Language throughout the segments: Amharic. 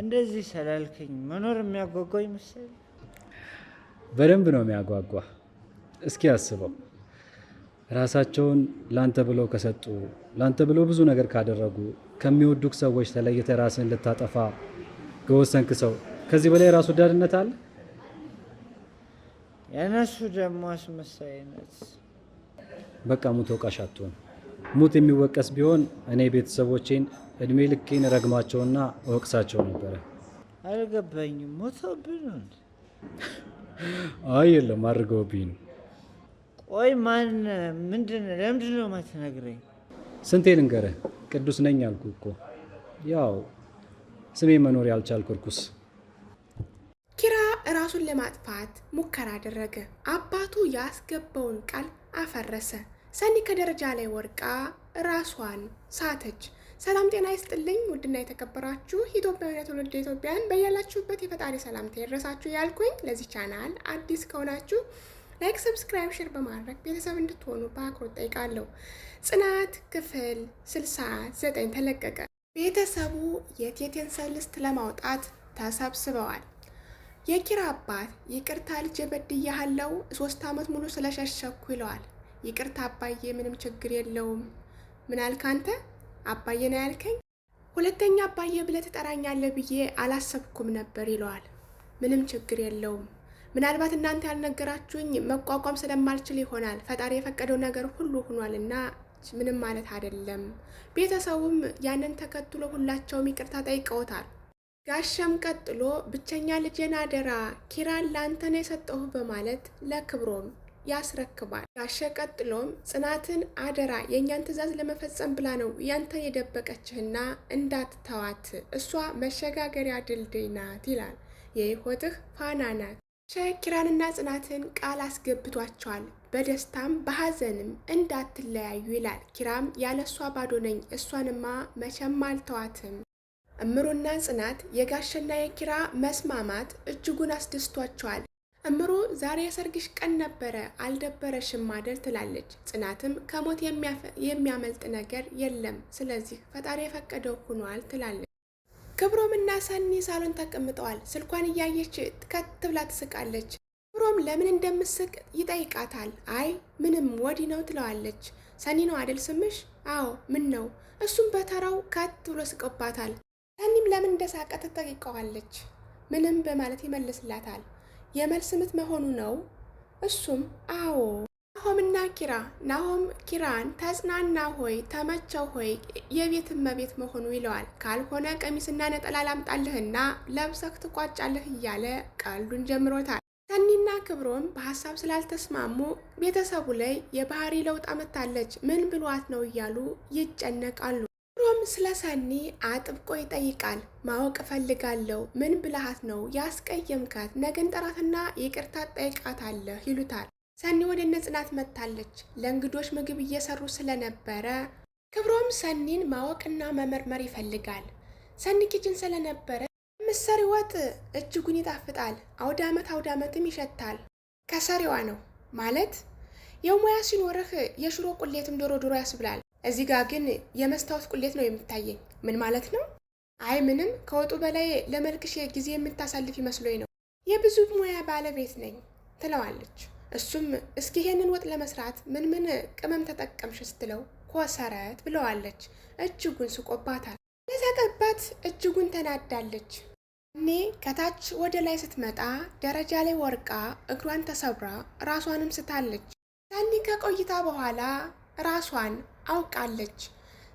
እንደዚህ ስላልከኝ መኖር የሚያጓጓ ይመስል በደንብ ነው የሚያጓጓ። እስኪ አስበው ራሳቸውን ላንተ ብለው ከሰጡ ላንተ ብለው ብዙ ነገር ካደረጉ ከሚወዱክ ሰዎች ተለይተ ራስን ልታጠፋ ከወሰንክ ሰው ከዚህ በላይ ራስ ወዳድነት አለ? የእነሱ ደግሞ አስመሳይነት። በቃ ሙት ወቃሽ አትሆን። ሙት የሚወቀስ ቢሆን እኔ ቤተሰቦቼን እድሜ ልኬን ረግማቸውና እወቅሳቸው ነበረ። አልገባኝም። ሞተውብህ አይ የለም፣ አድርገውብኝ ቆይ ማን? ምንድን? ለምንድን ነው ማትነግረኝ? ስንቴ ልንገረ? ቅዱስ ነኝ አልኩ እኮ ያው ስሜ መኖር ያልቻልኩ እርኩስ። ኪራ ራሱን ለማጥፋት ሙከራ አደረገ። አባቱ ያስገባውን ቃል አፈረሰ። ሰኒ ከደረጃ ላይ ወርቃ ራሷን ሳተች። ሰላም ጤና ይስጥልኝ። ውድና የተከበራችሁ ኢትዮጵያውያን ትውልድ ኢትዮጵያን በያላችሁበት የፈጣሪ ሰላምታ ይድረሳችሁ ያልኩኝ። ለዚህ ቻናል አዲስ ከሆናችሁ ላይክ፣ ሰብስክራይብ፣ ሼር በማድረግ ቤተሰብ እንድትሆኑ በአክብሮት ጠይቃለሁ። ጽናት ክፍል ስልሳ ዘጠኝ ተለቀቀ። ቤተሰቡ የቴቴን ሰልስት ለማውጣት ተሰብስበዋል። የኪራ አባት ይቅርታ ልጄ በድያለሁ፣ ሶስት ዓመት ሙሉ ስለሸሸኩ ይለዋል። ይቅርታ አባዬ፣ ምንም ችግር የለውም። ምናልክ አንተ አባዬ ነው ያልከኝ? ሁለተኛ አባዬ ብለህ ትጠራኛለህ ብዬ አላሰብኩም ነበር ይለዋል። ምንም ችግር የለውም። ምናልባት እናንተ ያልነገራችሁኝ መቋቋም ስለማልችል ይሆናል። ፈጣሪ የፈቀደው ነገር ሁሉ ሆኗልና ምንም ማለት አይደለም። ቤተሰቡም ያንን ተከትሎ ሁላቸውም ይቅርታ ጠይቀውታል። ጋሻም ቀጥሎ ብቸኛ ልጄን አደራ ኪራን ለአንተ ነው በማለት ለክብሮም ያስረክባል። ጋሸ ቀጥሎም ጽናትን አደራ የእኛን ትዕዛዝ ለመፈጸም ብላ ነው ያንተን የደበቀችህና እንዳትተዋት እሷ መሸጋገሪያ ድልድይ ናት ይላል። የይሆትህ ፋና ናት። ኪራንና ጽናትን ቃል አስገብቷቸዋል። በደስታም በሐዘንም እንዳትለያዩ ይላል። ኪራም ያለ እሷ ባዶ ነኝ፣ እሷንማ መቼም አልተዋትም። እምሩና ጽናት የጋሸና የኪራ መስማማት እጅጉን አስደስቷቸዋል። እምሮ ዛሬ የሰርግሽ ቀን ነበረ አልደበረሽም አይደል? ትላለች ጽናትም ከሞት የሚያመልጥ ነገር የለም፣ ስለዚህ ፈጣሪ የፈቀደው ሆኗል ትላለች። ክብሮም እና ሰኒ ሳሎን ተቀምጠዋል። ስልኳን እያየች ከት ብላ ትስቃለች። ክብሮም ለምን እንደምስቅ ይጠይቃታል። አይ ምንም ወዲ ነው ትለዋለች። ሰኒ ነው አደል ስምሽ? አዎ ምን ነው? እሱም በተራው ከት ብሎ ስቆባታል። ሰኒም ለምን እንደሳቀ ትጠይቀዋለች። ምንም በማለት ይመልስላታል። የመልስ ምት መሆኑ ነው። እሱም አዎ። ናሆምና ኪራ ናሆም ኪራን ተጽናና ሆይ ተመቸው ሆይ የቤት እመቤት መሆኑ ይለዋል። ካልሆነ ቀሚስና ነጠላ ላምጣልህና ለብሰህ ትቋጫለህ እያለ ቀልዱን ጀምሮታል። ሰኒና ክብሮም በሀሳብ ስላልተስማሙ ቤተሰቡ ላይ የባህሪ ለውጥ አመታለች ምን ብሏት ነው እያሉ ይጨነቃሉ። ስለ ሰኒ አጥብቆ ይጠይቃል። ማወቅ እፈልጋለሁ። ምን ብልሃት ነው ያስቀየምካት? ነገን ጠራትና ይቅርታ ጠይቃታለሁ ይሉታል። ሰኒ ወደ እነ ጽናት መጥታለች። ለእንግዶች ምግብ እየሰሩ ስለነበረ ክብሮም ሰኒን ማወቅና መመርመር ይፈልጋል። ሰኒ ኪችን ስለነበረ ምሰሪ ወጥ እጅጉን ይጣፍጣል። አውደ አመት አውደ አመትም ይሸታል። ከሰሪዋ ነው ማለት የሙያ ሲኖርህ የሽሮ ቁሌትም ዶሮ ዶሮ ያስብላል። እዚህ ጋር ግን የመስታወት ቁሌት ነው የምታየኝ። ምን ማለት ነው? አይ ምንም፣ ከወጡ በላይ ለመልክሽ ጊዜ የምታሳልፍ ይመስሎኝ ነው። የብዙ ሙያ ባለቤት ነኝ ትለዋለች። እሱም እስኪ ይሄንን ወጥ ለመስራት ምን ምን ቅመም ተጠቀምሽ ስትለው ኮሰረት ብለዋለች። እጅጉን ስቆባታል። ለተቀባት እጅጉን ተናዳለች። እኔ ከታች ወደ ላይ ስትመጣ ደረጃ ላይ ወርቃ እግሯን ተሰብራ ራሷንም ስታለች። ታኒ ከቆይታ በኋላ ራሷን አውቃለች።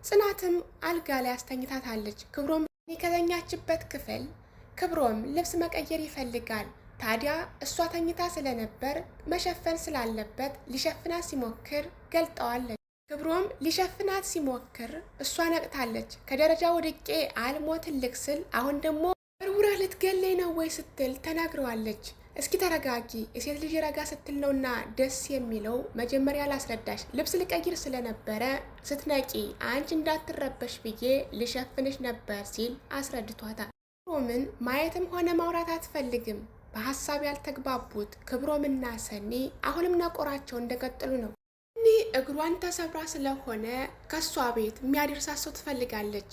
ጽናትም አልጋ ላይ አስተኝታታለች። ክብሮም የከተኛችበት ክፍል ክብሮም ልብስ መቀየር ይፈልጋል። ታዲያ እሷ ተኝታ ስለነበር መሸፈን ስላለበት ሊሸፍናት ሲሞክር ገልጠዋለች። ክብሮም ሊሸፍናት ሲሞክር እሷ ነቅታለች። ከደረጃ ወድቄ አልሞ ትልቅ ስል አሁን ደግሞ ወርውረህ ልትገሌ ነው ወይ ስትል ተናግረዋለች። እስኪ ተረጋጊ። የሴት ልጅ ረጋ ስትል ነውና ደስ የሚለው። መጀመሪያ ላስረዳሽ፣ ልብስ ልቀይር ስለነበረ ስትነቂ አንቺ እንዳትረበሽ ብዬ ልሸፍንሽ ነበር ሲል አስረድቷታል። ክብሮምን ማየትም ሆነ ማውራት አትፈልግም። በሀሳብ ያልተግባቡት ክብሮምና ሰኒ አሁንም ነቆራቸው እንደቀጠሉ ነው። እኒህ እግሯን ተሰብራ ስለሆነ ከእሷ ቤት የሚያደርሳት ሰው ትፈልጋለች።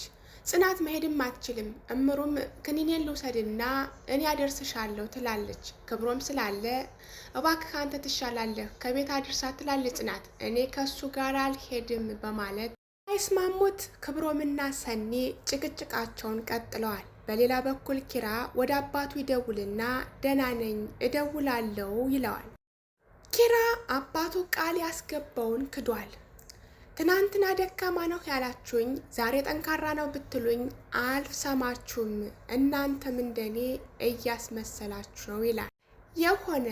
ጽናት መሄድም አትችልም። እምሩም ክኒኔን ልውሰድና እኔ አደርስሻለሁ ትላለች። ክብሮም ስላለ እባክህ አንተ ትሻላለህ ከቤት አድርሳት ትላለች ጽናት። እኔ ከሱ ጋር አልሄድም በማለት አይስማሙት። ክብሮምና ሰኒ ጭቅጭቃቸውን ቀጥለዋል። በሌላ በኩል ኪራ ወደ አባቱ ይደውልና ደህና ነኝ እደውላለሁ ይለዋል። ኪራ አባቱ ቃል ያስገባውን ክዷል። ትናንትና ደካማ ነው ያላችሁኝ ዛሬ ጠንካራ ነው ብትሉኝ አልሰማችሁም፣ እናንተም እንደኔ እያስመሰላችሁ ነው ይላል። የሆነ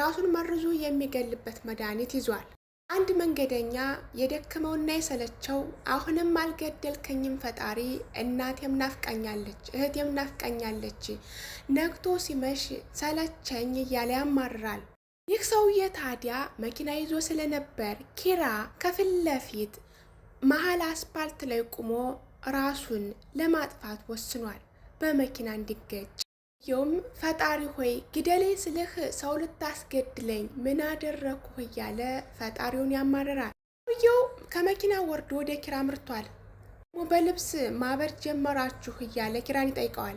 ራሱን መርዙ የሚገልበት መድኃኒት ይዟል። አንድ መንገደኛ የደከመውና የሰለቸው አሁንም አልገደልከኝም ፈጣሪ፣ እናቴም ናፍቀኛለች፣ እህቴም ናፍቀኛለች፣ ነግቶ ሲመሽ ሰለቸኝ እያለ ያማርራል። ይህ ሰውዬ ታዲያ መኪና ይዞ ስለነበር ኪራ ከፊት ለፊት መሀል አስፓልት ላይ ቆሞ ራሱን ለማጥፋት ወስኗል፣ በመኪና እንዲገጭ። ሰውየውም ፈጣሪ ሆይ ግደሌ ስልህ ሰው ልታስገድለኝ ምን አደረግኩህ እያለ ፈጣሪውን ያማርራል። ሰውየው ከመኪና ወርዶ ወደ ኪራ ምርቷል። በልብስ ማበር ጀመራችሁ እያለ ኪራን ይጠይቀዋል።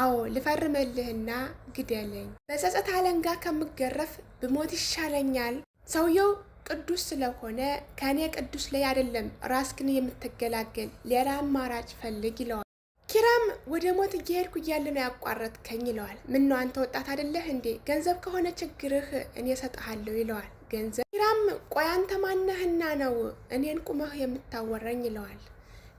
አዎ ልፈርምልህና ግደለኝ፣ በጸጸት አለንጋ ከምገረፍ ብሞት ይሻለኛል። ሰውየው ቅዱስ ስለሆነ ከእኔ ቅዱስ ላይ አይደለም ራስክን የምትገላገል ሌላ አማራጭ ፈልግ ይለዋል። ኪራም ወደ ሞት እየሄድኩ እያለ ነው ያቋረጥከኝ ይለዋል። ምነው አንተ ወጣት አይደለህ እንዴ? ገንዘብ ከሆነ ችግርህ እኔ እሰጥሃለሁ ይለዋል። ገንዘብ ኪራም ቆይ አንተ ማነህና ነው እኔን ቁመህ የምታወረኝ ይለዋል።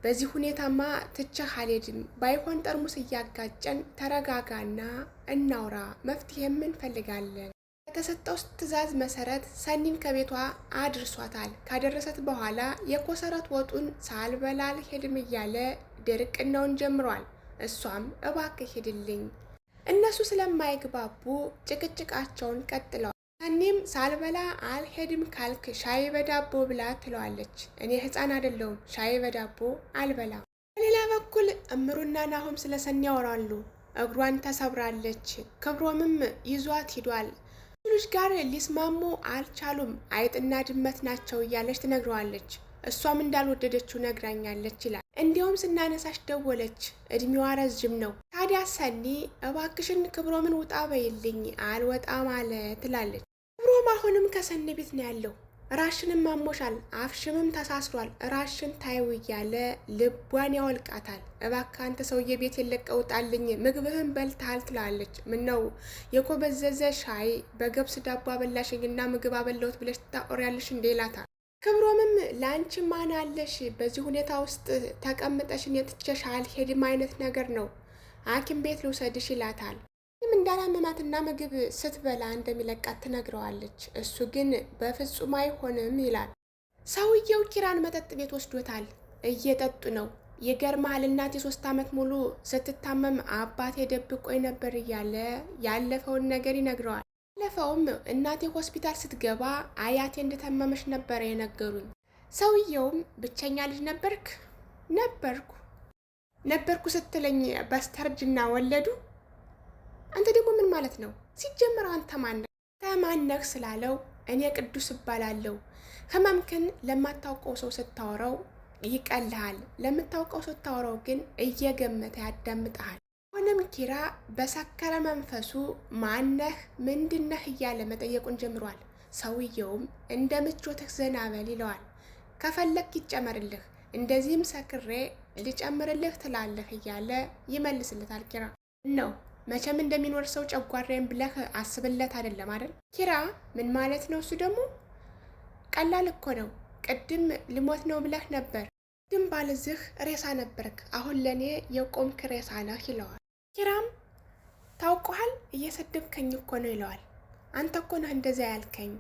በዚህ ሁኔታማ ትቼህ አልሄድም። ባይሆን ጠርሙስ እያጋጨን ተረጋጋና እናውራ፣ መፍትሄም እንፈልጋለን። በተሰጠው ትዕዛዝ መሰረት ሰኒን ከቤቷ አድርሷታል። ካደረሰት በኋላ የኮሰረት ወጡን ሳልበላ አልሄድም እያለ ድርቅናውን ጀምሯል። እሷም እባክህ ሂድልኝ። እነሱ ስለማይግባቡ ጭቅጭቃቸውን ቀጥለዋል። እኔም ሳልበላ አልሄድም ካልክ ሻይ በዳቦ ብላ ትለዋለች። እኔ ህፃን አይደለሁም ሻይ በዳቦ አልበላም። በሌላ በኩል እምሩና ናሆም ስለ ሰኒ ያወራሉ። እግሯን ተሰብራለች፣ ክብሮምም ይዟት ሂዷል። ልጅ ጋር ሊስማሙ አልቻሉም። አይጥና ድመት ናቸው እያለች ትነግረዋለች። እሷም እንዳልወደደችው ነግራኛለች ይላል። እንዲሁም ስናነሳሽ ደወለች፣ እድሜዋ ረዥም ነው። ታዲያ ሰኒ እባክሽን ክብሮምን ውጣ በይልኝ አልወጣም አለ ትላለች። ናሆም አሁንም ከሰኒ ቤት ነው ያለው። ራሽንም አሞሻል፣ አፍሽምም ተሳስሯል፣ ራሽን ታይው እያለ ልቧን ያወልቃታል። እባክህ አንተ ሰውዬ ቤት የለቀውጣልኝ ምግብህን በልተሃል ትላለች። ነው የኮበዘዘ ሻይ በገብስ ዳቦ አበላሽኝና ምግብ አበላሁት ብለሽ ትታቆሪያለሽ እንዴ ይላታል። ክብሮምም ለአንቺ ማን አለሽ በዚህ ሁኔታ ውስጥ ተቀምጠሽን እኔ አልሄድም አይነት ነገር ነው ሐኪም ቤት ልውሰድሽ ይላታል። ይህም እንዳላመማትና ምግብ ስትበላ እንደሚለቃት ትነግረዋለች። እሱ ግን በፍጹም አይሆንም ይላል። ሰውየው ኪራን መጠጥ ቤት ወስዶታል። እየጠጡ ነው። ይገርምሃል እናቴ ሶስት ዓመት ሙሉ ስትታመም አባቴ ደብቆኝ ነበር እያለ ያለፈውን ነገር ይነግረዋል። ያለፈውም እናቴ ሆስፒታል ስትገባ አያቴ እንደታመመች ነበረ የነገሩኝ። ሰውየውም ብቸኛ ልጅ ነበርክ? ነበርኩ ነበርኩ ስትለኝ በስተርጅና ወለዱ አንተ ደግሞ ምን ማለት ነው? ሲጀምር አንተ ማነ ከማነህ ስላለው እኔ ቅዱስ እባላለሁ። ህመምክን ለማታውቀው ሰው ስታወራው ይቀልሃል፣ ለምታውቀው ስታወራው ግን እየገመተ ያዳምጠሃል። ሆነም ኪራ በሰከረ መንፈሱ ማነህ ምንድነህ እያለ መጠየቁን ጀምሯል። ሰውየውም እንደ ምቾትህ ዘና በል ይለዋል። ከፈለግ ይጨመርልህ፣ እንደዚህም ሰክሬ ልጨምርልህ ትላለህ እያለ ይመልስለታል ኪራ ነው መቼም እንደሚኖር ሰው ጨጓራዬን ብለህ አስብለት አይደለም አይደል? ኪራ ምን ማለት ነው? እሱ ደግሞ ቀላል እኮ ነው። ቅድም ልሞት ነው ብለህ ነበር፣ ግን ባልዝህ ሬሳ ነበርክ። አሁን ለእኔ የቆምክ ሬሳ ነህ ይለዋል። ኪራም ታውቀሃል፣ እየሰደብከኝ እኮ ነው ይለዋል። አንተ እኮ ነህ እንደዚያ ያልከኝ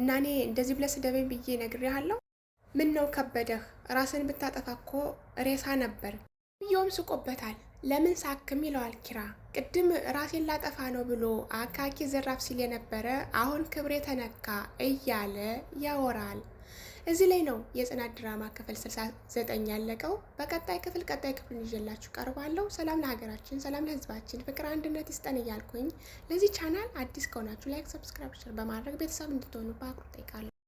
እና እኔ እንደዚህ ብለህ ስደበኝ ብዬ ነግሬሃለሁ። ምን ነው ከበደህ? ራስን ብታጠፋ እኮ ሬሳ ነበር ብየውም ስቆበታል። ለምን ሳክም ይለዋል ኪራ ቅድም ራሴን ላጠፋ ነው ብሎ አካኪ ዘራፍ ሲል የነበረ አሁን ክብሬ ተነካ እያለ ያወራል። እዚህ ላይ ነው የጽናት ድራማ ክፍል 69 ያለቀው። በቀጣይ ክፍል ቀጣይ ክፍል ይዤላችሁ ቀርባለሁ። ሰላም ለሀገራችን፣ ሰላም ለሕዝባችን፣ ፍቅር አንድነት ይስጠን እያልኩኝ ለዚህ ቻናል አዲስ ከሆናችሁ ላይክ፣ ሰብስክራይብ፣ በማድረግ ቤተሰብ እንድትሆኑ በአክብሮት እጠይቃለሁ።